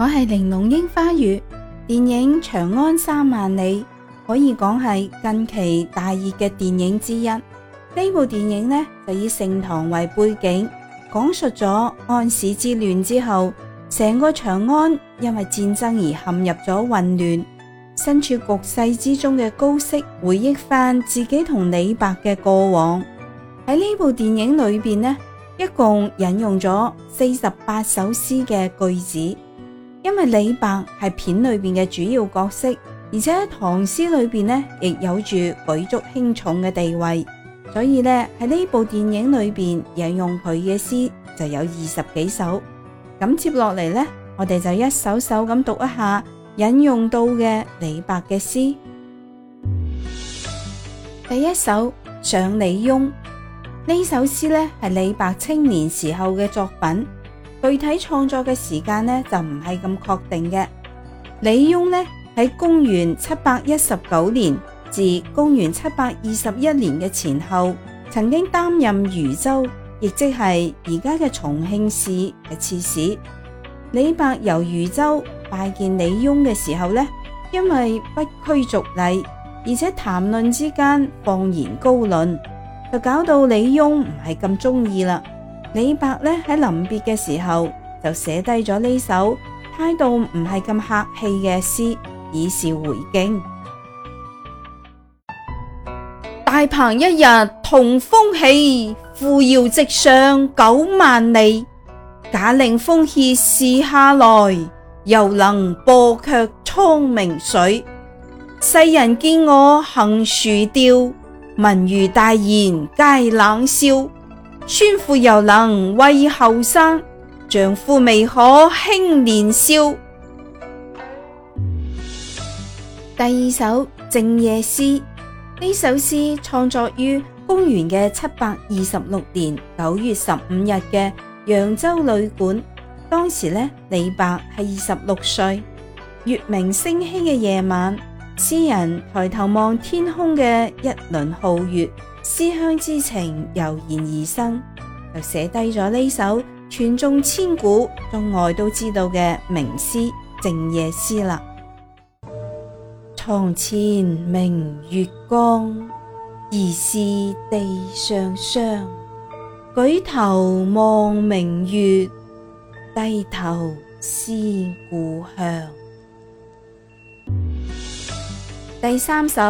我係玲瓏櫻花雨。電影《長安三萬里》可以講係近期大熱嘅電影之一。呢部電影呢就以盛唐為背景，講述咗安史之亂之後，成個長安因為戰爭而陷入咗混亂。身處局勢之中嘅高適，回憶翻自己同李白嘅過往。喺呢部電影裏邊呢，一共引用咗四十八首詩嘅句子。因為李白係片裏邊嘅主要角色，而且喺唐詩裏邊呢，亦有住舉足輕重嘅地位，所以呢喺呢部電影裏邊引用佢嘅詩就有二十幾首。咁接落嚟呢，我哋就一首首咁讀一下引用到嘅李白嘅詩。第一首《上李邕》，呢首詩呢係李白青年時候嘅作品。具體創作嘅時間呢就唔係咁確定嘅。李邕呢喺公元七百一十九年至公元七百二十一年嘅前後，曾經擔任渝州，亦即係而家嘅重慶市嘅刺史。李白由渝州拜見李邕嘅時候呢，因為不拘俗禮，而且談論之間放言高論，就搞到李邕唔係咁中意啦。李白呢喺臨別嘅時候就寫低咗呢首態度唔係咁客氣嘅詩，以示回敬。大鵬一日同風起，扶搖直上九萬里。假令風歇時下來，又能簸卻滄溟水。世人見我恆殊調，聞余大言皆冷笑。宣父又能畏後生，丈夫未可輕年少。第二首《靜夜思》，呢首詩創作於公元嘅七百二十六年九月十五日嘅揚州旅館，當時呢李白係二十六歲。月明星稀嘅夜晚，詩人抬頭望天空嘅一輪皓月。思鄉之情油然而生，就寫低咗呢首傳頌千古、中外都知道嘅名詩《靜夜思》啦。床前明月光，疑是地上霜。舉頭望明月，低頭思故鄉。第三首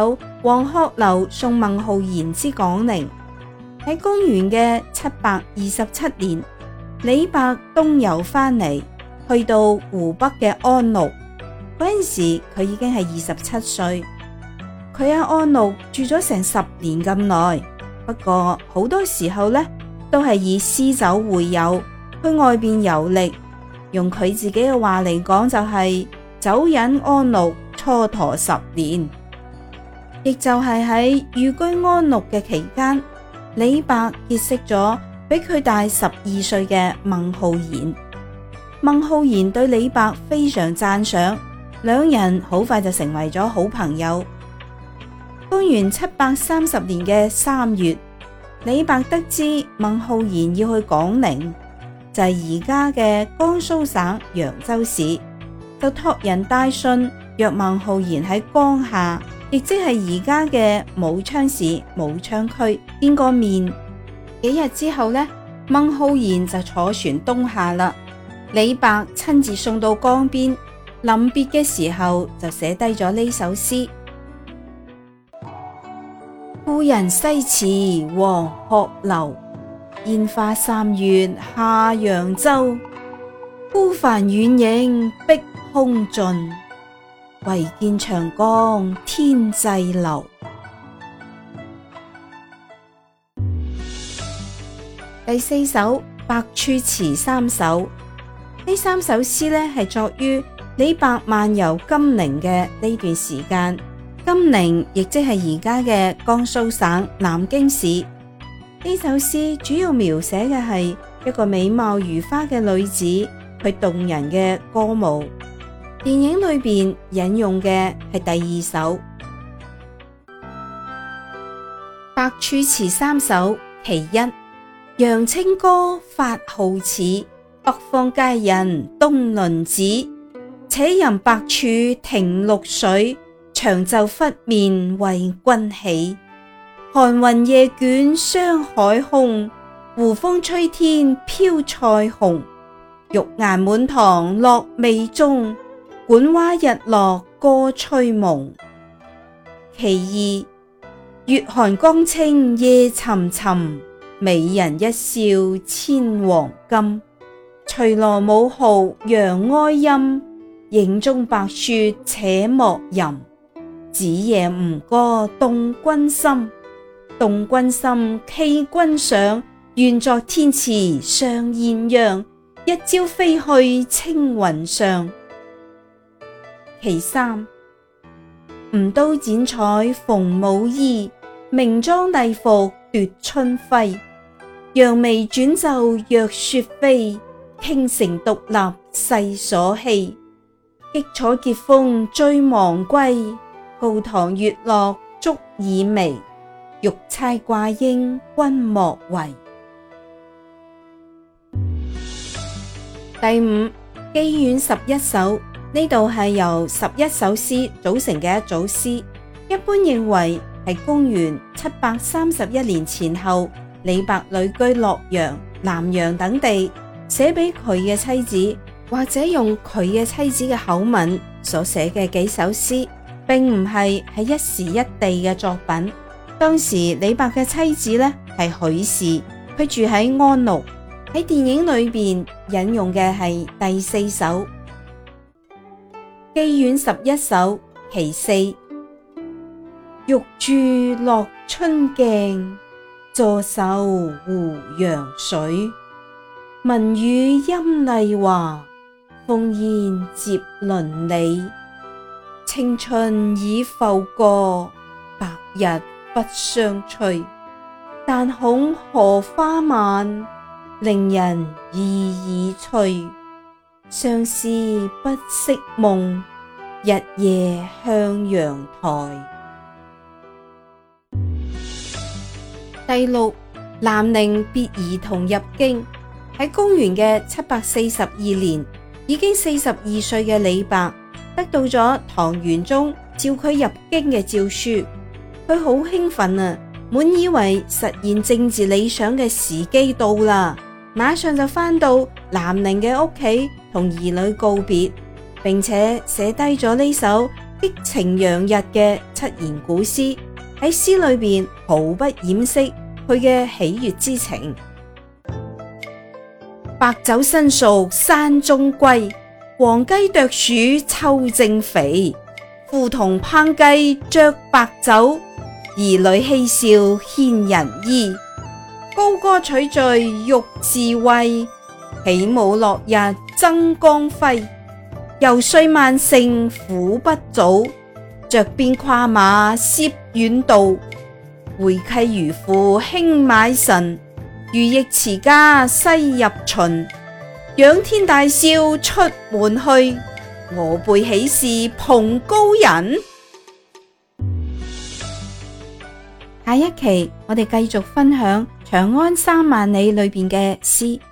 《黃鶴樓送孟浩然之廣陵》，喺公元嘅七百二十七年，李白東遊翻嚟，去到湖北嘅安陸嗰陣時，佢已經係二十七歲。佢喺安陸住咗成十年咁耐，不過好多時候呢，都係以詩酒會友，去外邊遊歷。用佢自己嘅話嚟講，就是，就係酒隱安陸，蹉跎十年。亦就係喺寓居安陸嘅期間，李白結識咗比佢大十二歲嘅孟浩然。孟浩然對李白非常讚賞，兩人好快就成為咗好朋友。公元七百三十年嘅三月，李白得知孟浩然要去廣陵，就係而家嘅江蘇省揚州市，就托人帶信約孟浩然喺江夏。亦即係而家嘅武昌市武昌區見過面，幾日之後呢？孟浩然就坐船東下啦，李白親自送到江邊，臨別嘅時候就寫低咗呢首詩：故人西辭黃鶴樓，煙花三月下揚州。孤帆遠影碧空盡。唯見長江天際流。第四首《白紵詞三首》，呢三首詩呢，係作於李白漫遊金陵嘅呢段時間。金陵亦即係而家嘅江蘇省南京市。呢首詩主要描寫嘅係一個美貌如花嘅女子，佢動人嘅歌舞。電影裏邊引用嘅係第二首《白紵辭三首》其一，揚清歌發皓齒，北方佳人東鄰子，且吟白紵停綠水，長袖拂面為君起。寒雲夜卷霜海空，胡風吹天飄塞鴻。玉顏滿堂樂未終。館娃日落歌吹深。其二。月寒江清夜沉沉，美人一笑千黃金。垂羅舞縠揚哀音，郢中白雪且莫吟。子夜吳歌動君心，動君心，冀君賞，願作天池雙鴛鴦，一朝飛去青雲上。其三，吳刀剪彩縫舞衣，明妝麗服奪春暉。揚眉轉袖若雪飛，傾城獨立世所稀。激楚結風追忘歸，高堂月落燭已微。玉釵掛纓，君莫為。第五，寄遠十一首。呢度係由十一首詩組成嘅一組詩，一般認為係公元七百三十一年前後，李白旅居洛陽、南陽等地，寫俾佢嘅妻子，或者用佢嘅妻子嘅口吻所寫嘅幾首詩，並唔係喺一時一地嘅作品。當時李白嘅妻子咧係許氏，佢住喺安陸。喺電影裏邊引用嘅係第四首。寄遠十一首其四，玉柱落春鏡，坐愁湖陽水。聞與陰麗華，風煙接鄰里。青春已浮過，白日不相催。但恐荷花晚，令人意已悴。相思不惜夢，日夜向陽台。第六，南陵別兒童入京。喺公元嘅七百四十二年，已經四十二歲嘅李白，得到咗唐玄宗召佢入京嘅詔書，佢好興奮啊，滿以為實現政治理想嘅時機到啦，馬上就返到。南寧嘅屋企同兒女告別，並且寫低咗呢首激情洋溢嘅七言古詩。喺詩裏邊，毫不掩飾佢嘅喜悅之情。白酒新熟山中歸，黃雞啄黍秋正肥。呼童烹雞酌白酒，兒女嬉笑牽人衣。高歌取醉欲自慰。起舞落日爭光輝，遊說萬乘苦不早。着鞭跨馬涉遠道，會稽愚婦輕買臣。余亦辭家西入秦，仰天大笑出門去。我輩豈是蓬蒿人？下一期我哋繼續分享《長安三萬里，裏面詩》裏邊嘅詩。